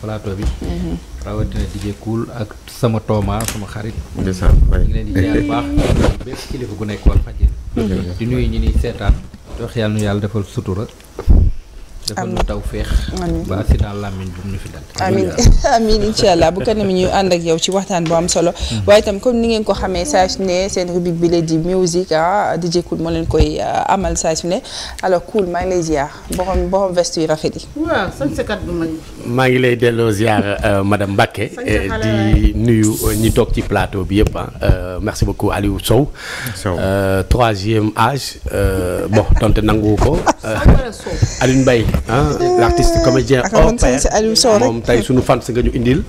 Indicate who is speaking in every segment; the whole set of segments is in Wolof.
Speaker 1: plateau bi. rawatina DJ Cool ak sama tooma sama xarit. ndeysaan waay ñu ngi leen di baax ñi ni seetaan. wax yàlla nu yàlla defal sutura. dafa nu taw feex ba si daal làmmiñ bu ñu fi dal amin amin incha allah bu kanam ñu
Speaker 2: ànd ak yow ci waxtaan bu am solo hmm. waaye tam comme ni ngeen ko xamee saa su ne seen rubrique bi la di musique ah DJ Cool moo leen koy ah, amal saa su ne alors Cool maa ngi lay ziar borom yu rafet yi
Speaker 3: maa ngi lay delloo ziar euh, madame Mbacke di nuyu ñi toog ci plateau bi yëpp ah merci beaucoup Aliou Sow. Euh, troisième âge bon donte nangu ko. Aliou Mbaye ah l' artiste comédien au pair moom tey sunu fans nga ñu indil.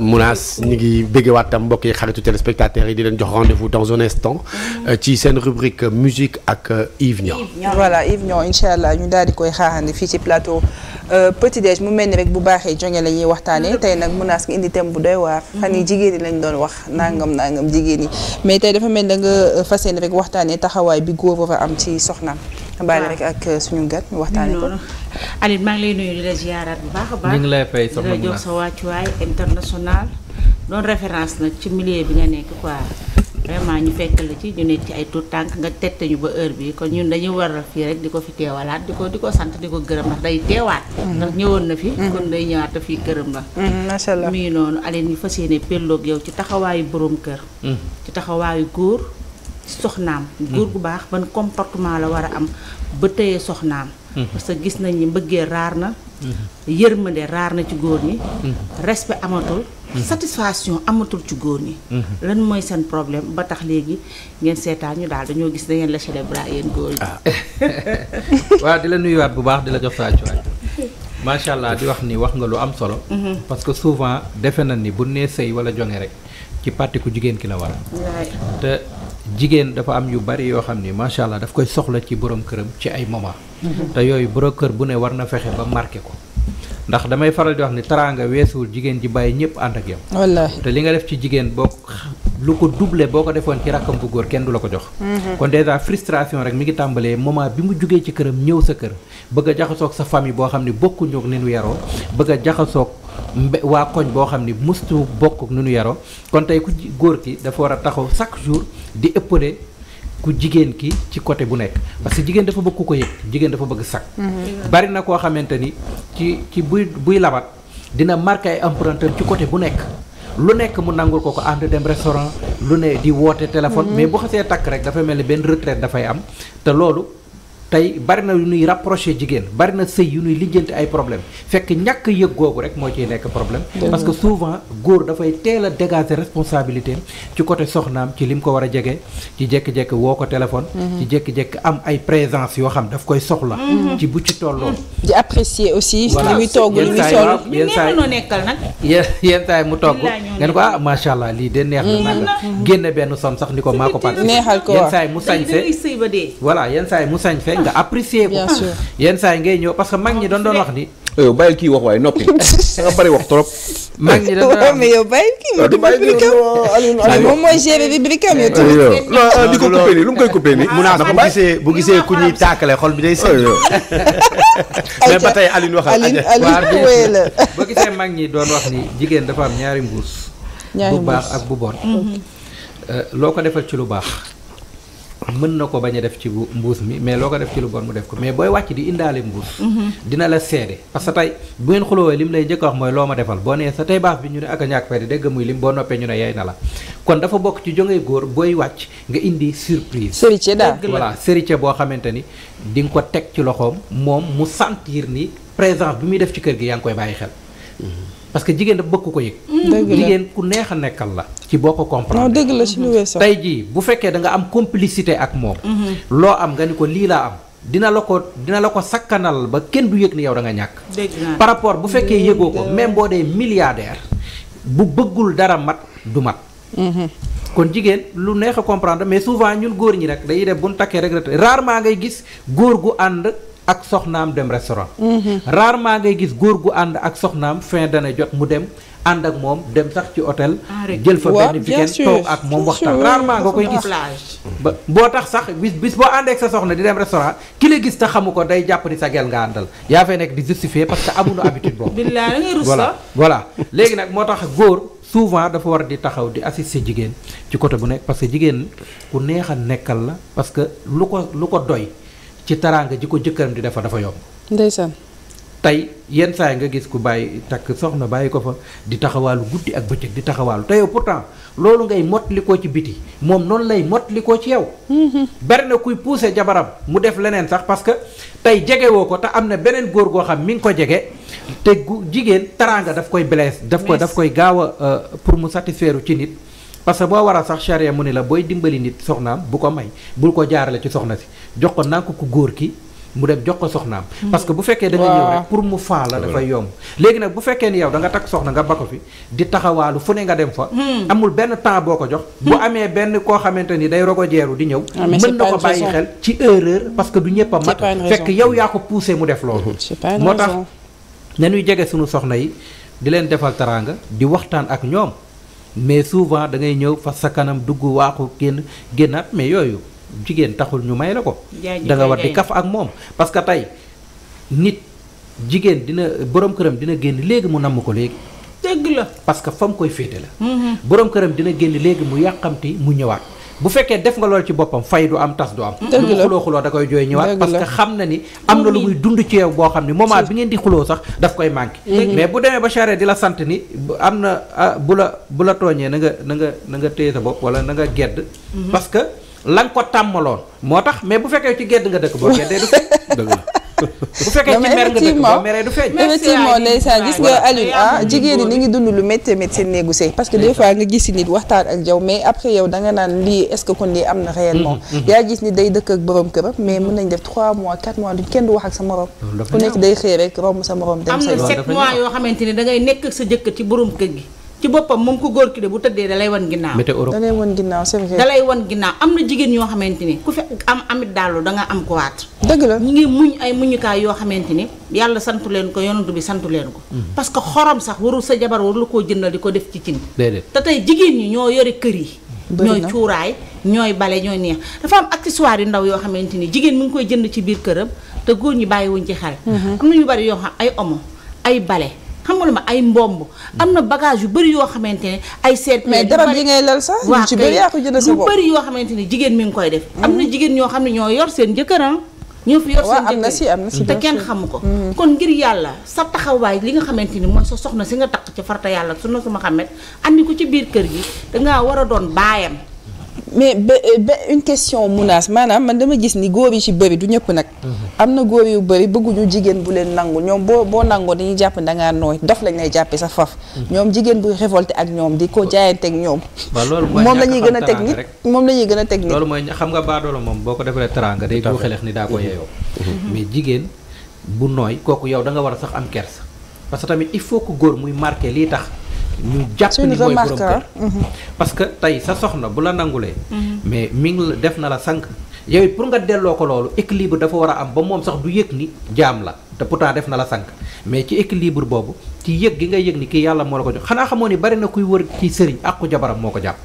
Speaker 3: munaas ñi ngi bëggewaat tam mbokk yi xaritu téléspectateurs yi di leen jox rendez-vous dans un instant. Mm-hmm. ci seen rubrique musique ak Yves Niang.
Speaker 2: voilà ñu daal di koy xaarandi fii ci plateau. Euh, petit déj mu mel ni rek bu baaxee jonge la ñuy waxtaanee mm-hmm. tey nag munaas nga indi thème bu doy waar mm-hmm. fan yi jigéen yi lañ doon wax nangam nangam jigéen yi mais tey dafa mel da nga euh, fas yéene rek waxtaanee taxawaay bi góor war am ci soxna bàyyi ah. rek ak euh, suñu gat waxtaanee
Speaker 4: ko Aline maa ngi lay la ziyaaraat bu baax baax ñu jox sa wàccuwaay international doon référence nag ci milieu bi nga nekk quoi vraiment ñu fekk la ci ñu nekk ci ay tuut tànk nga tette ñu ba heure bii kon ñun dañu war fii rek di ko fi teewalaat di ko di ko sant di ko gërëm ndax day teewaat mhm. ndax ñëwoon na fi mhm. kon day ñëwaat fi gërëm la mhm, macha allah mii noonu aleen ñu fa yéene pelloog yow ci taxawaayu boroom kër ci taxawaayu góor soxnaam góor gu baax ban comportement la war a am ba tëye soxnaam parce que gis nañ ni mbëggee raar na yërmande raar na ci góor ñi respect amatul satisfaction amatul ci góor ñi. Mhm. lan mooy seen problème ba tax léegi ngeen seetaan ñu daal dañoo gis dangeen ngeen la célébrer yéen góor ñi. Ah.
Speaker 1: waaw di la nuyuwaat bu baax di la jox saa macha allah di wax ni wax nga lu am solo. Mhm. parce que souvent defe na ni bu nee sëy wala jonge rek ci parti jigéen ki la war te jigéen dafa am yu bari yoo xam ni macha allah daf koy soxla ci borom këram ci ay moment. Mhm. te yooyu borom kër bu ne war na fexe ba marqué ko. ndax damay faral di wax ni taraanga weesuwul jigéen ji bàyyi ñëpp ànd ak yow. wallaahi te li nga def ci jigéen boo lu ko doublé boo ko defoon ci rakkam bu góor kenn du la ko jox. Mm-hmm. kon déjà frustration rek mi ngi tàmbalee moment bi mu jógee ci këram ñëw sa kër bëgg a jaxasoog sa famille boo xam ne bokkuñu ak ni nu yaroo bëgg a jaxasoog waa koñ boo xam ne mustu bokk ak ni nu yaroo kon tey ku góor ki dafa war a taxaw chaque jour di ëppale. ku jigéen ki ci côté bu nekk parce que jigéen dafa bëgg ku ko yëg jigéen dafa bëgg sag mm-hmm. bari na koo xamante ni ci ci buy buy labat dina marqué ay empreinte ci côté bu nekk lu nekk mu nangul ko ko ànd dem restaurant lu ne di woote téléphone mm-hmm. mais bu xasee takk rek dafay mel ni benn retraite dafay am te loolu tey bari na yu ñuy rapproché jigéen bari na sëy yu ñuy lijjanti ay problème fekk ñàkk yëg googu rek moo ciy nekk problème parce que souvent góor dafay teel a dégager responsabilité ci côté soxnaam ci lim ko war a jege ci jékki-jékki woo ko téléphone mhm. ci jékki-jékki am ay présence yoo xam daf koy soxla mhm. ci bu ci tolloo mhm. di apprécier aussi
Speaker 4: li muy togg li muy sol yenn saa yi nekkal nag
Speaker 1: yenn saa yi mu togg nga ko ah macha allah lii de neex na nag génne benn som sax ni ko maa ko pat yenn saa mu sañse jàngale nga apprécier ko. yenn saa yi ngay ñëw parce que mag ñi doon doon wax ni.
Speaker 5: yow bàyyil kii wax waaye noppi da
Speaker 3: nga bari wax trop. mag
Speaker 5: ñi doon wax
Speaker 1: mais yow bàyyil kii wax ah,
Speaker 3: ah, ah, ko coupé mu naa bu gisee bu gisee ku ñuy taakale xol bi day sëñ. mais ba tey Aline waxal Aline Aline wéy la. boo
Speaker 1: gisee mag ñi doon wax ni jigéen dafa am ñaari mbuus. ñaari bu baax ak bu bon. Mm-hmm. Euh, loo ko defal ci lu baax. mën na ko bañ def ci mbuus mi mais loo ko def ci lu bon mu def ko mais booy wàcc di indaale mbuus mhm. dina la seede parce que tey bu ngeen xulowee li mu lay njëkk a wax mooy loo ma defal boo nee sa tey baax bi ñu ne ak a ñàkk fay di dégg muy lim boo noppee ñu ne yey na la kon dafa bokk ci jógee góor booy wàcc nga indi surprise sëricé daal voilà sëricé boo xamante ni di nga ko teg ci loxoom moom mu sentir ni présence bi muy def ci kër gi yaa ngi koy bàyyi xel mhm. parce que jigéen dafa bëgg ko yëg. jigéen ku neex a nekkal la. ci boo ko la si lu tey jii bu fekkee da am complicité ak moom. Mm-hmm. loo am nga ni ko lii laa am. dina la ko dina la ko sakkanal ba kenn du yëg ni yow da nga ñàkk. par rapport bu fekkee yëgoo ko même boo dee milliardaire bu bëggul dara mat du mat. Mm-hmm. kon jigéen lu neex a comprendre mais souvent ñun góor ñi rek dañuy def bu ñu takkee rek rarement ngay gis góor gu ànd. ak soxnaam dem restaurant. Mhm. rarement ngay gis góor gu ànd ak soxnaam fin dana jot mu dem ànd ak moom dem sax ci hôtel. Ah, jël fa benn weekend toog ak moom waxtaan. rarement nga koy gis ba boo tax sax bis bis boo àndee sa soxna di dem restaurant ki la gis te xamu ko day jàpp ni sa gel nga àndal. yaa fay nekk di justifier parce que amuñu habitude boobu. billaay da ngay rus voilà léegi nag moo tax góor. souvent dafa war di taxaw di assister jigéen ci côté bu nekk parce que jigéen ku neex a nekkal la parce que lu ko lu ko doy. ci taraanga ji ko jëkkëram di defar dafa yomb. ndeysaan. tey yenn saa yi nga gis ku bàyyi takk soxna bàyyi ko fa di taxawaalu guddi ak bëccëg di taxawaalu te yow pourtant loolu ngay mottali koo ci biti moom noonu lay mottali koo ci yow. Mm-hmm. bari na kuy pousser jabaram mu def leneen sax parce que tey woo ko te am na beneen góor goo xam mi ngi ko jege te gu jigéen taraanga daf koy blesse. daf ko daf koy gaaw a euh, pour mu satisfaire ci nit. parce que boo waral sax charia mu ne la booy dimbali nit soxnaam bu ko may bul ko jaarale ci soxna si jox ko nànk ko góor ki mu dem jox ko soxnaam. Mm. parce que bu fekkee da nga ñëw rek pour mu faa la dafay yomb. léegi nag bu fekkee ni yow da nga takk soxna nga ba ko fi di taxawaalu fu ne nga dem fa. Mm. amul benn temps boo ko jox. bu mm. amee benn koo xamante ni day rogo jeeru di ñëw. Ah, mën na ko bàyyi xel ci erreur parce que du ñëpp a mat fekk yow yaa ko poussé mu def loolu. moo tax nañuy jege suñu soxna yi di leen defal teraanga di waxtaan ak ñoom. mais souvent da ngay ñëw fa sa kanam dugg waaxu génn génnaat mais yooyu jigéen taxul ñu may la ko
Speaker 4: da nga war di kaf
Speaker 1: ak moom parce que tey nit jigéen dina borom këram dina génn léegi mu namm ko léegi dëgg la parce que fa mu koy féete la mm-hmm. borom këram dina génn léegi mu yàqamti mu ñëwaat bu fekkee def nga loolu ci boppam fay du am tas du am lu xuloo xuloo da koy jooy ñëwaat parce que xam na ni am na lu muy dund ci yow boo xam ni moment bi ngeen di xuloo sax daf koy manqué mais bu demee ba charette di la sant ni am na ah, bu la bu la tooñee na nga na nga na nga téye sa bopp wala nanga gedd mhm. parce que la ko tàmmaloon moo tax mais bu fekkee ci gedd nga dëkk boo geddee du fay bu fekkee ci dëkk ba mere du gis nga Alioune ah jigéen
Speaker 2: ngi dund lu métti métti seen néegu sëy parce que des nga gis nit waxtaan ak jaw mais après yow danga naan lii est-ce lii am na réellement. Mm, mm, mm. yaa gis ni day dëkk ak borom këram mais mën nañ def 3 mois
Speaker 4: 4 mois duñ kenn du wax ak sa morom. ku nekk day xëy rek romb sa morom dem. sa yoon am xamante ni dangay nekk ak sa jëkkër ci borom kër gi ci boppam moom ku góor ki de bu tëddee dalay wan ginnaaw dalay wan ginnaaw c'est vrai dalay wan ginnaaw am na jigéen yoo xamante ni ku fi am amit daallu danga nga am ko waat dëgg la ñu ngi muñ ay muñukaay yoo xamante ni yàlla santu leen ko yonent bi santu leen ko mm-hmm. parce que xorom sax warul sa jabar warul koo jëndal di ko def ci cin te tey jigéen ñi ñoo yore kër yi ñooy cuuraay ñooy bale ñooy neex dafa am accessoire yu ndaw yoo xamante ni jigéen mu ngi koy jënd ci biir këram te góor ñi bàyyiwuñ ci xel mm-hmm. am na ñu bari yoo xam ay omo ay bale xam nga ma ay mbomb am na bagage yu bëri yoo xamante ne ay seet mais darab yi ngay lal sax waaw ci bëri yaa ko jënd sa bopp lu bëri yoo xamante ni jigéen mi ngi koy def am na jigéen ñoo xam ne ñoo yor seen jëkkëran ah. ñoo fi yor seen jëkkër te kenn xamu ko mm-hmm. kon ngir yàlla sa taxawaay li nga xamante ni mooy sa soxna si nga takk ci farta yàlla su na suma xamet andi ko ci biir kër gi dangaa war a doon baayam
Speaker 2: mais ba euh, ba une question munaas maanaam man dama gis ni góor yi ci bëri du ñëpp nag. Mhm. am na góor yu bëri bëgguñu jigéen bu leen nangu ñoom boo boo nangoo dañuy jàpp da ngaa nooy dof lañ lay jàppee sa faf. Mhm. ñoom jigéen bu révolté ak ñoom di ko jaayanteeg ñoom. moom la ñuy gën a teg nit moom la ñuy gën a teg nit.
Speaker 1: mooy xam nga baadoola moom boo ko defalee teraanga day du xelex ni daa ko mhm. yeyoo. mais jigéen bu nooy kooku yow danga war a sax am kersa parce que tamit il faut que góor muy marqué lii tax ñu jàpp ni mooy borom kër mhm. parce que tey sa soxna bu la nangulee mhm. mais mi def na la sànq yow it pour nga delloo ko loolu équilibre dafa war a am ba moom sax du yëg ni jaam la te pourtant def na la sànq mais ci équilibre boobu ci yëg gi nga yëg ni kii yàlla moo la ko jox xanaa xamoo ni bari na kuy wër ci sëriñ àqu jabaram moo ko jàpp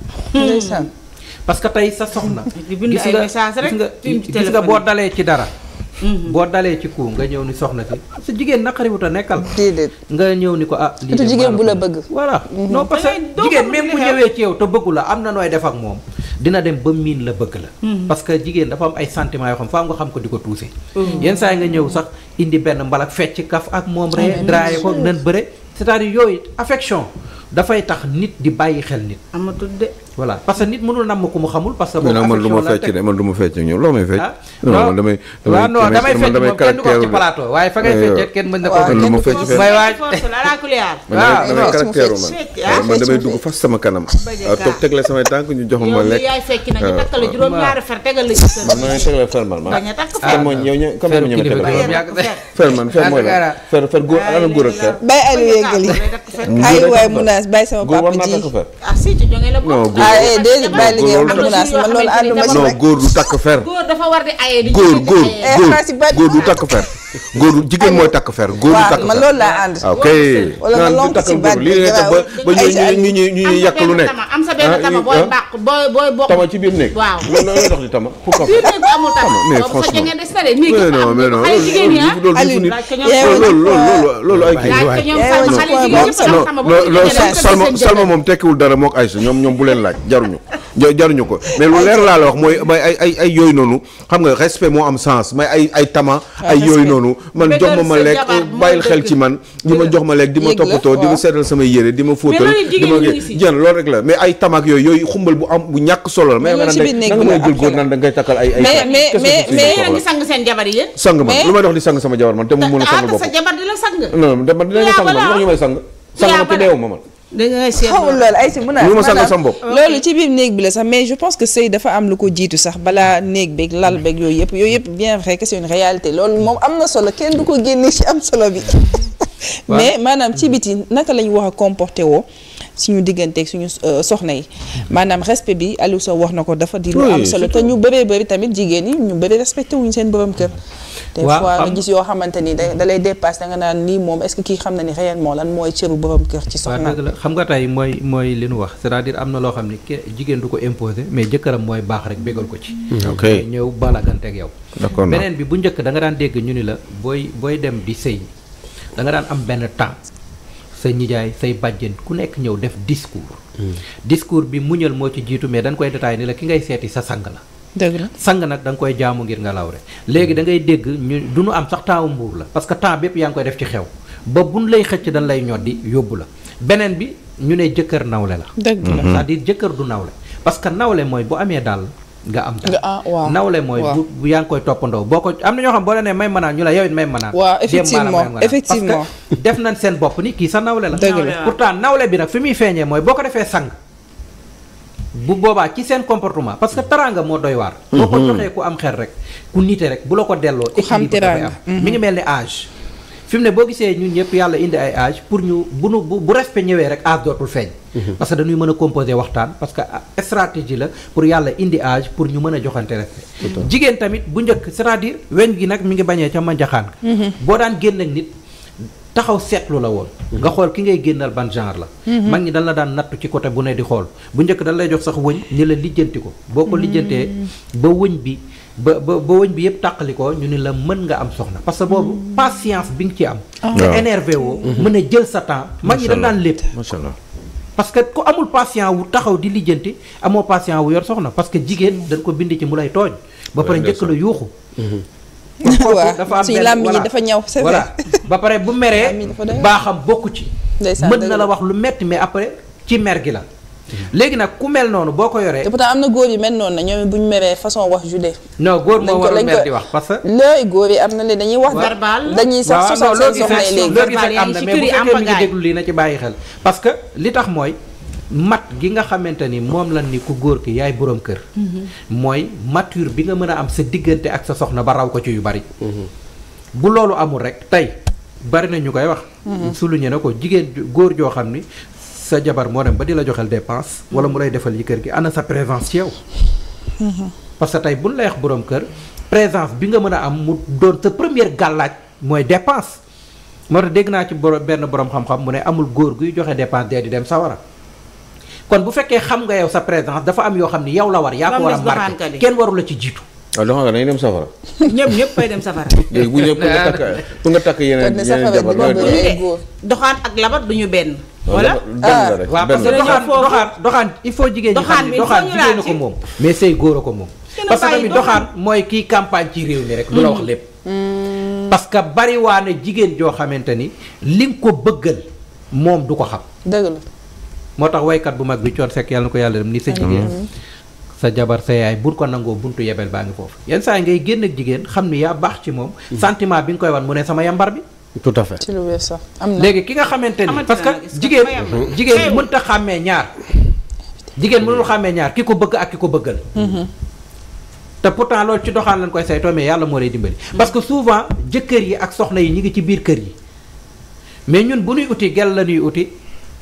Speaker 1: parce que tey sa soxna gis nga gis nga boo dalee ci dara Mm-hmm. boo dalee ci ku nga ñëw ni soxna si ah, sa jigéen naqariwut a nekkal nga ñëw ni ko ah lii de jigéen bu la bëgg voilà mm-hmm. non parce que jigéen même bu ñëwee ci yow te bëggu am na nooy def ak moom mm-hmm. dina dem ba miin la bëgg la parce jigéen dafa am ay sentiments yoo sax indi benn mbalak fecc kaf ak moom ree ko nan bëre cest yooyu affection dafay tax nit di bàyyi xel nit. amatul de. voilà parce que nit mënul namm ko mu xamul parce que. boobu affection man lu ma fecc de
Speaker 5: man lu ma fecc ñëw loo may fecc. Ah? non ah, non damay damay fecc moom kenn du ko ci plateau waaye fa ngay feccee kenn mën na ko. waaw kenn du ko may waaj.
Speaker 4: waaw damay
Speaker 5: ah, caractère man man damay dugg fas sama kanam. toog tegle samay tànk ñu jox ma lekk. yaay fecc nag ñu takk la juróom-ñaari
Speaker 4: fer tegal la ci
Speaker 1: sa. man maa ngi tegle fer man maa. bañ a takk fer
Speaker 5: mooy ñëw ñëw comme ñu ma tegal. fer man fer mooy la fer fer góor alal góor ak fer.
Speaker 4: bay Aliou yëngali
Speaker 5: ay waay mun naa góor ah si ci jonge la ah, eh,
Speaker 4: du
Speaker 5: takk fer. góor
Speaker 4: dafa war di góor góor eh, góor góor du
Speaker 5: takk fer. góor jigéen mooy takk fer góor takk fer waaw man loolu laa ànd. Ah, ok ba ñu ñu ñu yàq lu nekk. am sa benn ah, tama booy ah. bàq nekk waaw loolu la dox di tama. pourquoi biir nekk amul tama. mais franchement
Speaker 4: mais non mais non loolu
Speaker 5: loolu ay kii. Salma moom tekkiwul dara mook Aïssa ñoom ñoom bu leen laaj jaruñu jaruñu ko mais lu leer laa la wax mooy may ay ay yooyu noonu xam nga respect moo am sens may ay ay tama ay yooyu noonu noonu man jox ma ma lekk bàyyil xel ci man li ma jox ma lekk di ma toppatoo di ma seetal samay yére di ma fóotal di ma jigéen loolu rek la mais ay tamaak yooyu xumbal bu am bu ñàkk solo la mais nga naan ngay jël góor naan da ngay takkal mais mais a ngi
Speaker 4: sang seen jabar yi yéen sang ma lu may
Speaker 5: dox di sang sama jabar man te mu mën a ah, sang bopp sa
Speaker 4: jabar di la sang non
Speaker 5: man dinañ sang man ñu may sang sang ma te deewu ma man
Speaker 2: dëgg la xawul loolu ay si mun naa. ma sàngal sama bopp loolu ci biir néeg bi la sax mais je pense que sëy dafa am lu ko jiitu sax balaa néeg beeg lal beeg yooyu yëpp yooyu yëpp bien vrai que c'est une réalité loolu moom am na solo kenn du ko génne ci am solo bi. mais maanaam ci biti naka la ñu wax a comporté woo suñu digganteeg suñu euh, soxna yi maanaam respect bi Aliou Sow wax na ko dafa di. lu am solo te ñu bëree bëri tamit jigéen ñi ñu bëri respecté wuñu seen borom kër. des fois nga gis yoo xamante ni da lay dépasse da nga naan lii moom est-ce que kii xam na ni réellement lan mooy cëru borom
Speaker 1: kër ci soxna xam nga tey mooy mooy li nu wax c'est-à-dire am na loo xam ni ke jigéen du ko imposer mais jëkkëram mooy baax rek bégal ko ci mm-hmm. ñëw balaganteeg yow beneen bi bu njëkk da nga daan dégg ñu ni la booy booy dem di sëy danga daan am benn temps sa nijaay say bàjjen ku nekk ñëw def discours mm. discours bi muñal moo ci jiitu mais dañ koy détaillé ni la ki ngay seeti sa sang la dëgg sang nag da koy jaamu ngir nga lawre léegi da ngay dégg ñu du ñu am sax taawu mbuur la parce que temps bépp yaa ngi koy def ci xew ba buñ lay xëcc dañ lay ñoddi yóbbu la beneen bi ñu ne jëkkër nawle la. dëgg la c'est-à-dire jëkkër du nawle parce que nawle mooy bu amee daal nga am na ah, nawle mooy bu yaa ngi koy toppandoo boo ko am na ñoo xam boo la nee may mënaan ñu la yow it may mënaan waaw effectivement effectivement parce que def nañ seen bopp ni kii sa nawle la ah. pourtant nawle bi nag fi muy feeñee mooy boo ko defee sang bu boobaa ci seen comportement parce que teraanga moo doy waar. boo ko mhm. joxee ku am xel rek ku nite rek bu la ko delloo. ku xam teraanga am mi mhm. ngi mel ni âge. fi ne boo gisee ñun ñëpp yàlla indi ay âge pour ñu bu nu bu bu respect ñëwee rek âge dootul feeñ. Mhm. parce que dañuy mën a composer waxtaan parce que ah, stratégie la pour yàlla indi âge pour ñu mën a joxante respect. jigéen tamit bu njëkk cest à weñ gi nag mi ngi bañee ca manjaxaan. boo daan génn ak nit. taxaw seetlu la woon nga xool ki ngay génnal ban genre la mhm. mag ñi dañ la daan nattu ci côté bu ne di xool bu njëkk dañ lay jox sax wëñ ni la lijjanti ko boo ko mhm. lijjantee ba wëñ bi ba ba ba wëñ bi yëpp tàqali ko ñu ni la mën nga am soxna parce que boobu mhm. patience bi nga ci am ah. nga ah. énervé woo mën a jël sa temps mag ñi dañ daan lépp macha parce que ku amul patient wu taxaw di lijjanti amoo patient wu yor soxna parce que jigéen dañ ko bind ci mu lay tooñ ba pare njëkk la yuuxu
Speaker 2: waaw dafa am làmmiñ dafa ñaw voilà
Speaker 1: ba pare bu meree baaxam bokku ci mën na la wax lu metti mais après ci mer gi la mhm. léegi nag ku mel noonu boo ko yoree. te pourtant am na góor
Speaker 2: yu mel noonu na ñoom bu ñu meree façon wax jude.
Speaker 1: non góor moo warul mer di wax parce
Speaker 2: que. léegi góor yi am na léegi dañuy wax. verbal dañuy sax sosal seen soxna yi léegi. verbal yi am
Speaker 1: na mais bu fekkee mi ngi déglu lii na ci bàyyi xel. parce que li tax mooy. mat gi nga xamante ni moom lan ni ku góor ki yaay boroom kër mm-hmm. mooy mature bi nga mën a am sa diggante ak sa soxna ba raw ko ci yu bari mm-hmm. bu loolu amul rek tey bari na ñu koy wax mm-hmm. souligné na ko jigéen góor joo xam ni sa jabar moo dem ba di la joxel dépense wala mu lay defal yi kër gi na sa présence ci yow parce que tey buñ lay wax boroom kër présence bi nga mën a am mu doon sa première gàllaaj mooy dépense moo tax dégg naa ci borom benn borom xam mu ne amul góor guy joxe dépense di dem sawara kon bu fekkee xam nga yow sa présence dafa am yoo xam ni yow
Speaker 4: la war yaa ko war a marqué kenn warul la ci jiitu
Speaker 5: waaw loo xam ne dañuy dem safara.
Speaker 4: ñëpp ñëpp fay dem safara. léegi eh, doxaan ak labat du ñu benn.
Speaker 5: voilà ah, waaw parce que doxaan
Speaker 1: doxaan
Speaker 4: doxaan il faut jigéen ñi
Speaker 1: xam ne doxaan jigéen ñi ko moom. mais sëy góor a ko moom. parce que doxaan mooy kii campagne ci réew mi rek. du la wax lépp. Hmm. parce que bari waa jigéen joo xamante ni li nga ko bëggal moom du ko xam. moo tax waykat bu mag bi coon sekk yàlla na ko yàlla dem ni sa jigéen sa jabar sa yaay bu ko nangoo buntu yebel baa ngi foofu yenn saa yi ngay génn ak jigéen xam ni yaa baax ci moom mm-hmm. sentiment bi nga koy wan mu ne sama yambar bi tout à fait ci lu wees sax am na léegi ki nga xamante ni parce que jigéen mm-hmm. jigéen mënta xàmmee ñaar jigéen mënul xàmmee ñaar ki ko bëgg ak ki ko bëggal mm-hmm. te pourtant loolu ci doxaan lañ koy saytoo mais yàlla moo lay dimbali parce que souvent jëkkër yi ak soxna yi ñi ngi ci biir kër yi mais ñun bu ñuy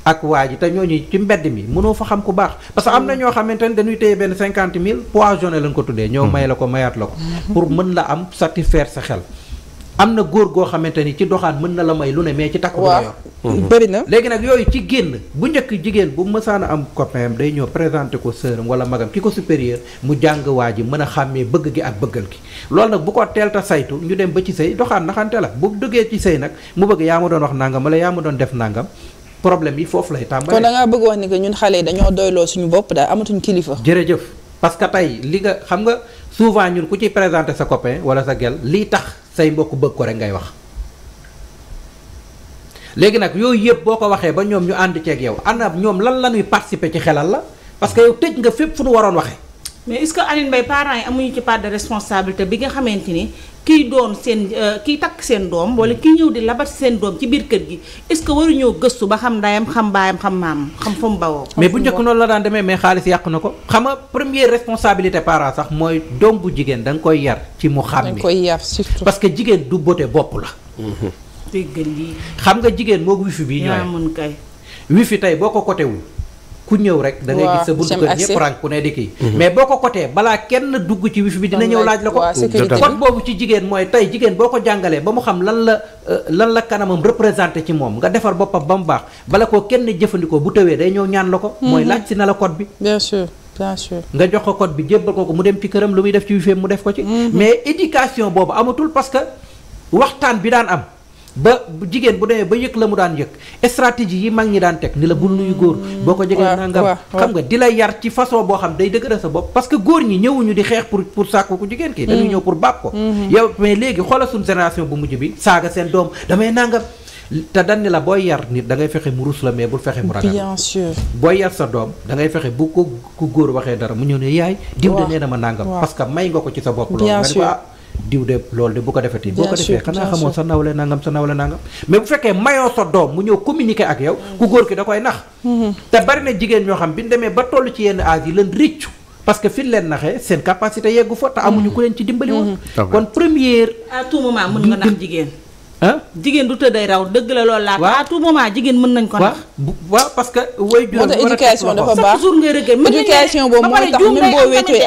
Speaker 1: ak waa ji te ñoo ñu ci mbedd mi mënoo fa xam ku baax parce que am na ñoo xamante ne dañuy téye benn cinquante mille poisonné lañ ko tuddee ñoo mm-hmm. may la ko mayaat la ko pour mën la am satisfaire sa xel am na góor goo xamante ni ci doxaan mën na la may lu ne mais ci takk waaw mm-hmm. bëri na léegi nag yooyu ci génn bu njëkk jigéen bu mësaan a am copain day ñëw présente ko sëram wala magam ki ko supérieur mu jàng waa ji mën a xàmmee bëgg gi ak bëggal gi loolu nag bu ko teel ta saytu ñu dem ba ci sëy doxaan naxante la bu duggee ci sëy nag mu bëgg ma doon wax nangam yaa ma doon def nangam problème yi foofu lay tàmbalee. kon da ngaa bëgg wax ni que ñun xale yi dañoo doyloo suñu bopp daal amatuñ kilifa. jërëjëf parce que tey li nga xam nga souvent ñun ku ci présenté sa copain wala sa gel lii tax say mbokk bëgg ko rek ngay wax. léegi nag yooyu yëpp boo ko waxee ba ñoom ñu ànd ceeg yow ak ñoom lan la ñuy participer ci xelal la parce que tëj nga fépp fu ñu waroon waxee.
Speaker 4: mais est-ce que Aline Mbaye parent yi amuñu ci part de responsabilité bi nga xamante ni kiy doon seen euh, kiy takk seen doom wala kiy ñëw di labat seen doom ci biir kër gi est-ce que waruñoo gëstu ba xam ndayam xam baayam xam maam xam fa mu bawoo. mais bu njëkk
Speaker 1: noonu la daan demee mais xaalis yàqu na ko. xam nga première responsabilité parent sax mooy doom bu jigéen da koy yar ci mu xam. da nga koy yar parce que jigéen du bote bopp la.
Speaker 4: dégg nga lii.
Speaker 1: xam nga jigéen moog wifi bi. ñooy yaa mën wifi tey boo ko côté ku ñëw rek da ngay gis sa buntu kër ñëpp mhm. mais boo ko côté balaa kenn dugg ci wifi bi dina ñëw laaj la ko kon boobu ci jigéen mooy tey jigéen boo ko jàngalee ba mu xam lan la euh, lan la kanamam représenté ci moom nga defar boppam ba mu baax bala ko kenn jëfandikoo bu tawee day ñëw ñaan la ko mhm. mooy laaj si na la code bi bien sûr bien nga jox ko code bi jébbal ko ko mu dem ci këram lu muy def ci wifi mu def ko ci mhm. mais éducation boobu amatul parce que waxtaan bi daan am ba jigéen bu demee ba yëg la mu daan yëg stratégie yi mag ñi daan teg ni la bu nuyu góor mm. boo ko jegee nangam xam nga di la yar ci façon boo xam day dëgëral sa bopp parce que góor ñi ñëwuñu di xeex pour pour sàkku ku jigéen ki dañuy mm. ñëw pour bàpp ko mm-hmm. yow mais léegi xoola suñ bu mujj bi saaga seen doom damay nangam te dañ ni la boo yar nit dangay fexe mu rus la mais bul fexe mu ragal bien sûr yar sa doom da ngay fexe bu ko ku góor waxee dara mu ñëw ne yaay diw de nee na ma nàngam parce que may nga ko ci sa bopp loolu diw de loolu de bu ko defeti boo ko defee xanaa xamoo sa nawle nangam sa nawle nangam mais bu fekkee mayoo sa doom mu ñëw communiquer ak yow ku góor ki da koy nax mm-hmm. te bari na jigéen ñoo xam bi ñu demee ba toll ci yenn âge yi leen riccu parce que
Speaker 4: fi leen naxee seen capacité yeggu fa te amuñu ku leen ci dimbali woon mm-hmm. ah kon première à tout moment mën nga nax jigéen ah jigéen du tëdday raw dëgg la lool laa. waaw à tout moment jigéen mën nañ ko nax. waaw parce que. way juróom war a éducation dafa baax éducation boobu moo tax même boo wéetee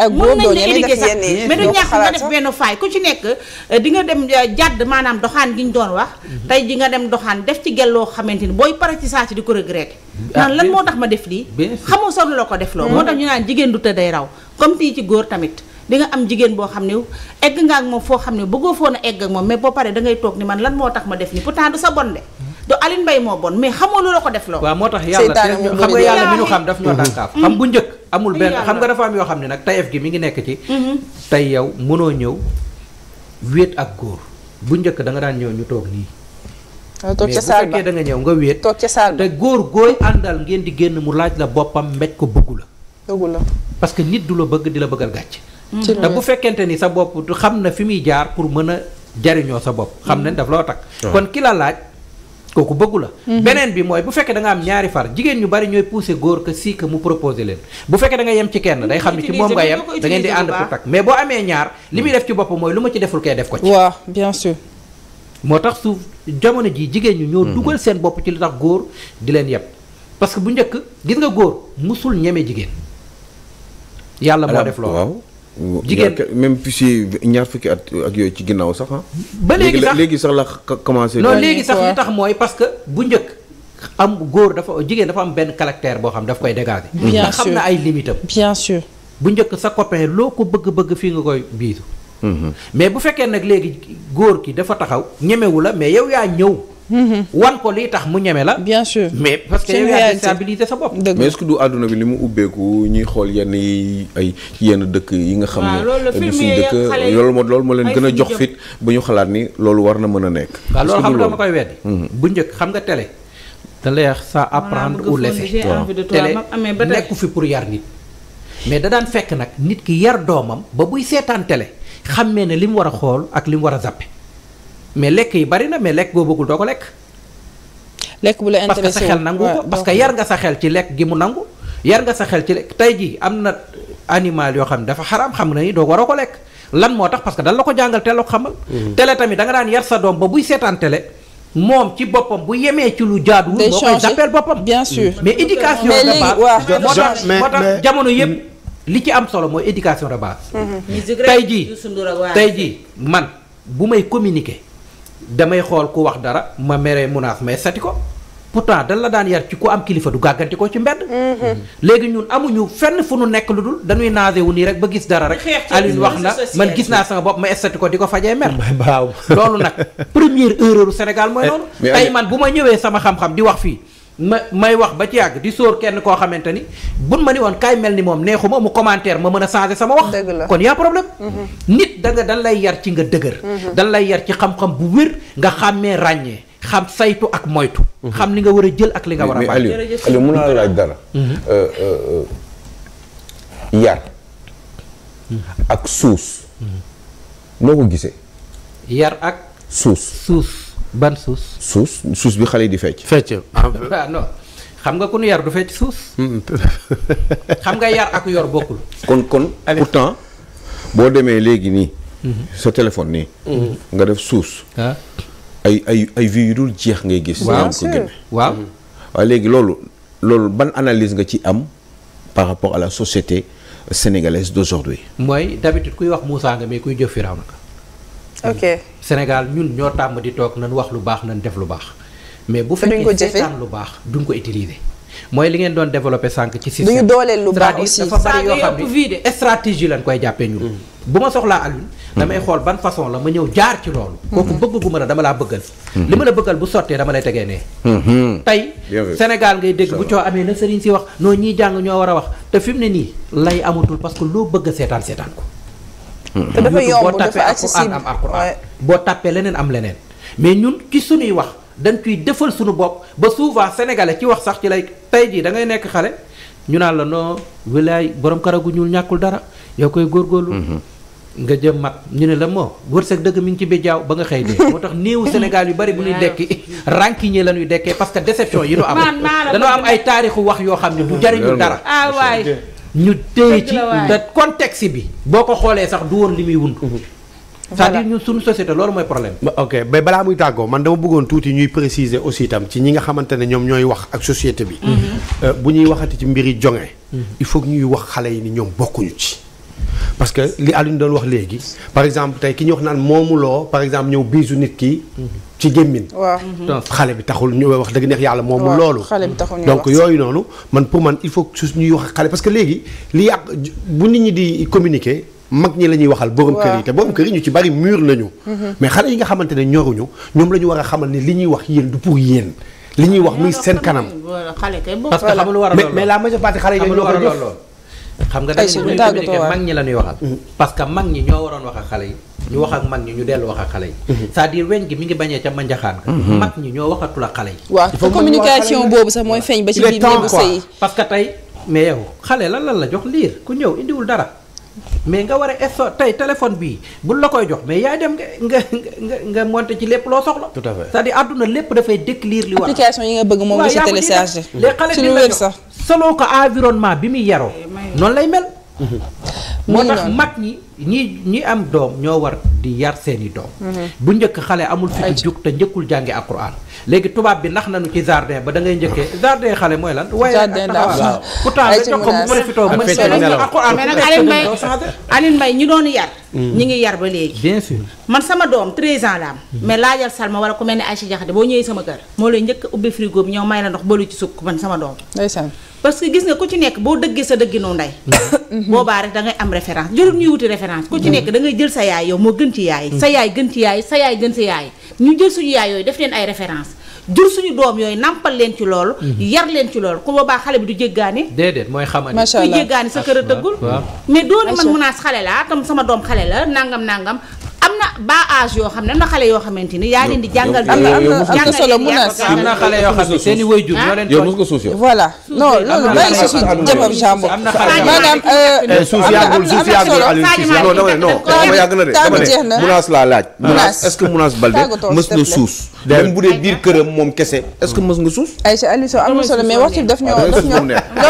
Speaker 4: ak ku ci nekk euh, nga dem euh, jàdd maanaam doxaan gi ñu doon wax. Mhm. tey ji nga dem doxaan def ci gelloo xamante ni booy pare ci saa di ko regretter. Ah, lan moo tax ma def lii. xamoo sonn la ko def loo. moo mhm. tax ñu naan jigéen du tëdday raw comme tii ci góor tamit di nga am jigéen boo xam ne egg nga ak moom foo xam ne bëggoo foon a egg ak moom mais boo paree da toog ni man lan moo tax ma def ni pourtant du sa bon de du Aline Mbaye moo bon mais xamoo lu la ko def loo waaw
Speaker 1: moo tax yàlla xam nga yàlla mi ñu xam daf ñoo mm-hmm. amul benn xam nga dafa xam ne nag tayef gi mi ngi nekk mm-hmm. yow mënoo ñëw wéet ak góor bu njëkk da nga daan ñëw ñu toog nii
Speaker 2: ah, toog ca saal ba
Speaker 1: da nga ñëw nga wéet toog ca saal ba te góor gooy àndal ngeen di génn mu laaj la boppam mbéj ko bëggu la bëggu parce que nit du la bëgg di la bëggal gàcc ci mm-hmm. bu fekkente ni sa bopp xam na fi muy jaar pour mën a jariñoo sa bopp xam ne mm-hmm. daf loo takk kon ki laaj kooku bëggu la mm-hmm. beneen bi mooy bu fekkee da nga am ñaari far jigéen ñu bari ñooy pousser góor que si que mu proposé leen bu fekkee da nga yem ci kenn day xam ne ci moom nga yem da ngeen di ànd pour takk mais boo amee ñaar li muy def ci bopp mooy lu ma ci deful kay def ko ci waaw moo tax suuf jamono ji jigéen ñu ñoo dugal seen bopp ci lu tax góor di leen yeb parce que bu njëkk gis nga góor musul ñeme jigéen
Speaker 5: yàlla moo def loolu jigéen même puis ñaar fukki at ak yooyu ci ginnaaw sax ah. ba léegi sax léegi sax la commencé. non léegi sax li
Speaker 1: tax mooy parce que bu njëkk am góor dafa jigéen dafa am benn caractère boo xam ne daf koy dégager. bien sûr xam na ay limitam bien bu njëkk sa copain loo ko bëgg-bëgg fii nga koy biisu. Mm-hmm. mais bu fekkee nag léegi góor ki dafa taxaw ñemewu la mais yow yaa ñëw. Mm-hmm. wan ko lii tax mu ñeme la. bien mais parce que yow yaa déstabiliser sa bopp.
Speaker 5: mais est-ce du àdduna bi li mu ubbeeku ñuy xool yenn yi ay yenn dëkk yi nga. xam ne du dëkk loolu ma loolu moo leen gën a jox fit ba ñu xalaat ni loolu war na mën a nekk. waaw loolu xam mm-hmm. bu njëkk xam nga télé. da lay ça apprendre ou laisser.
Speaker 1: télé ah, nekku fi pour yar nit. mais da daan fekk nag nit ki yar doomam ba buy seetaan télé xàmmee ne li mu war a xool ak li mu war a zappe mais lekk yi bari na mais lekk goo bëggul doo ko lekk.
Speaker 2: lekk bu parce que sa xel nangu ko
Speaker 1: parce que yar nga sa xel ci lekk gi mu nangu. yar nga sa xel ci lekk tey jii am na animal yoo xam ne dafa xaraam xam na ni doo waroo ko lekk lan moo tax parce que dan la ko jàngal teel ko xamal. Mm-hmm. tamit da nga yar sa doom ba buy seetaan moom ci boppam bu yemee ci lu jaaduwul. day changé moo boppam. bien sûr mm-hmm. mais éducation de base moo jamono yëpp. li ci am solo mooy éducation de base. Mm-hmm. tey jii tey jii man bu may communiquer. damay xool ku wax dara ma meree munaas may sati ko pourtant dañ la daan yar ci ku am kilifa du gàggante ko ci mbedd. Mm-hmm. léegi ñun amuñu fenn fu nu nekk lu dul dañuy naase wu nii rek ba gis dara rek. Alioune wax na man gis naa sama bopp ma estati ko di ko fajee mer. waaw loolu nag première erreur u Sénégal mooy eh, loolu. tey man bu ma ñëwee sama xam-xam di wax fii. ma may wax ba ci yàgg di sóor kenn koo xamante ni bu ma ni woon kaay mel ni moom neexuma mu commentaire ma mën a changer sama wax kon yaa problème mhm. nit da nga dan lay yar ci nga dëgër mhm. dan lay yar ci xam-xam bu wér nga xàmmee ràññee xam saytu ak moytu mhm. xam li nga war a jël ak li nga war a baax Aliou mun naa
Speaker 5: laaj dara euh, euh, yar ak suus noo ko gisee yar ak suus suus ban suus. suus suus bi xale yi di fecc. fecc
Speaker 1: ah, ah non xam nga ku nu yar du fecc suus. Hmm. xam nga yar ak yor bokkul.
Speaker 5: kon kon pourtant boo demee léegi nii. Mhm. sa téléphone nii. Mhm. nga def suus. Ah. ay ay ay vues yu dul jeex ngay gis. waaw ko mhm. waaw. waaye léegi loolu loolu ban analyse nga ci am par rapport à la société sénégalaise d'aujourd'hui.
Speaker 1: mooy d'habitude kuy wax Moussa nga mee kuy jëf Firawna. ok euh, Sénégal ñun ñoo tàmm di toog nañ wax lu baax nañ def lu baax. mais bu fekkee seetaan lu baax duñ ko utiliser. mooy li ngeen doon développé sànq ci si duñu dooleel lu baax aussi dafa yoo xam ne stratégie lañ koy jàppee ñun. Mm. bu ma soxlaa Alioune. Mm. damay xool ban façon la ma ñëw jaar ci loolu. Mm-hmm. kooku bëgg gu ma la dama laa bëggal.
Speaker 5: Mm-hmm. li ma la
Speaker 1: bëggal bu sottee dama lay tegee nee.
Speaker 5: Mm-hmm. tey Sénégal
Speaker 1: ngay dégg bu coo amee na sëriñ si wax noonu ñiy jàng ñoo war a wax te fi mu ne nii lay amatul parce que loo bëgg a seetaan ko.
Speaker 2: te dafa yomb dafa accessible am
Speaker 1: alquran boo tàppee leneen am leneen mais ñun ci suñuy wax dañ ciy defal suñu bopp ba souvent sénégalais ci wax sax ci lay tey jii da ngay nekk xale ñu naan la noo wilaay borom karagu ñuul ñàkkul dara yoo koy góor góorlu mm-hmm. nga jëm mag ñu ne la moo wërsëg dëgg mi ngi ci bijaaw ba nga xëy dee moo tax néewu Sénégal yu bari bu ñuy dekki rankiñe la ñuy dekkee parce que déception yi nu am danoo am ay taarixu wax yoo xam ne du jariñu dara ah, ñu téye ci te contexte
Speaker 3: bi boo ko xoolee sax du woon li muy wund mhm. c'est-à-dire ñun suñu société loolu mooy problème ok mais balaa muy tàggoo man dama bëggoon tuuti ñuy préciser aussi itam ci ñi nga xamante ne ñoom ñooy wax ak société bi mhm. euh, bu ñuy waxati ci mbiri jonge mhm. il faut que ñuy wax xale yi ni ñoom bokkuñu ci parce que li ñu doon wax léegi par exemple tey ki ñu wax naan moomuloo par exemple ñëw biisu nit ki ci gémmiñ mhm. xale bi taxul ñu wax dëgg neex yàlla moomu loolu donc yooyu noonu man pour man il faut que su ñuy wax xale parce que léegi li yàq bu nit ñi di communiqué mag ñi la ñuy waxal borom kër yi te borom kër yi ñu ci bari mur lañu mhm. mais xale yi nga xamante ne ñoruñu ñoom la ñu war a xamal ni li ñuy wax yéen du pour yéen li ñuy wax muy seen kanam
Speaker 4: parce que xam lu war
Speaker 3: xale yi ñoo ko def xam nga da nga ni mag
Speaker 1: ñi la waxal mm-hmm. parce que mag ñi ñoo waroon wax a xale yi ñu wax ak mag ñi ñu dellu wax ak xale yi mm-hmm. c'est-à-dire weñ gi mi ngi bañee ca manjaxaan ka mm-hmm. mag ñi ñoo waxatul ak xale yi waaw communication
Speaker 2: boobu sax mooy feeñ ba ci biir néegu sëy
Speaker 1: parce que tey mais yow xale lan la la jox liir ku ñëw indiwul dara mais nga war a stocké tey téléphone bii bu la koy jox mais yaay dem nga nga nga nga monté ci lépp loo soxla. tout à fait cest àdduna lépp dafay déclire li war application yi nga bëgg moom nga si téléchargé. les xale di la jox selon ko environnement bi muy yaroo. noonu lay mel. moo tax mag ñi. ñi ñi am doom ñoo war di yar seeni doom mhm. bu njëkk xale amul fi ci jug te njëkkul jàngi alquran léegi tubaab bi nax nañu ci jardin ba da ngay njëkkee jardin xale mooy lan waaye taxawal pourtant nga jox mm. ba
Speaker 4: léegi man sama doom 13 ans la am mm. mais Salma wala ku mel ne Aïcha Diakhaté boo ñëwee sama kër moo lay njëkk ubbi frigo bi ñëw may la ndox boolu ci sukk man sama doom ndeysaan parce que gis nga ku ci nekk boo dëggee sa dëgginoo ndey mm. boobaa rek da am référence jurul ñuy wuti référence ku ci nekk da ngay jël sa yaay yow moo gën ci yaay sa yaay gën ci yaay gën sa yaay ñu jël suñu yaay yooyu def leen ay référence jur suñu doom yooyu nampal leen ci loolu mhm. yar leen ci loolu ku boobaa xale bi du jéggaane
Speaker 1: déedéet mooy xamani kuy jéggaane sa kër
Speaker 4: a dëggul mais dooni man mun a xale laa tam sama doom xale la nangam nangam am na bas âge yoo xam ne am na xale yoo xamante ni yaa leen di jàngal. am na am na solo mun a si am na xale yoo xam ne seen i wayjur ñoo leen
Speaker 5: yow mos nga suuf
Speaker 2: yow voilà loolu bàyyi sa suuf jabar jàmbur maanaam suuf yàggul suuf yàggul Aliou na munaas
Speaker 5: laa laaj munaas est-ce munaas Balde mës na suuf même bu dee biir këram moom kese est ce que mës nga suuf.
Speaker 2: ayca Aliou Sow am mais waxtu
Speaker 4: bi daf
Speaker 5: ñoo ah, daf ñoo.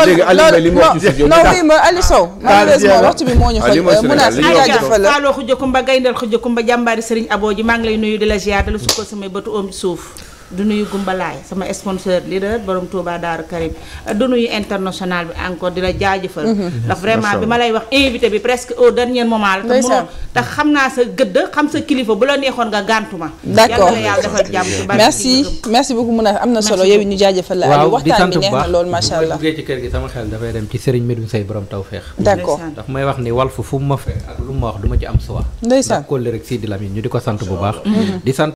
Speaker 5: léegi ah, Aliou li mu wax ci suuf non oui
Speaker 2: ma Aliou Sow. malheureusement waxtu bi moo ñu xëy. mun naa si jaajëfal la Aliou Sow
Speaker 4: Fallou Khoudia Koumba Gayndal Khoudia jàmbaari Serigne Abo maa ngi lay nuyu di la ziar dala sukkal samay bëtu oom ci suuf du nuyu Gumbalaay sama sponsor leader borom Touba Daaru Karim du nuyu international bi encore di la jaajëfal. Mhm. ndax vraiment bi ma lay wax invité bi presque au dernier moment la. te mënoon te sa xam sa kilifa bu la neexoon nga gàntu ma. d'accord yàlla defal jàmm ci bari merci
Speaker 2: merci beaucoup mun a am na solo yow ñu jaajëfal la. waaw di sant bu baax waxtaan bi neex lool
Speaker 1: macha allah. bu ci gi sama xel dafay dem ci Serigne Medoune Seye borom tawféex. d'accord daf may wax ni walfu
Speaker 3: fu mu ma fee ak lu ma wax du ci am suwa. ndeysaan ndax kóol rek Sidi Lamine ñu di ko sant bu baax mhm. di sant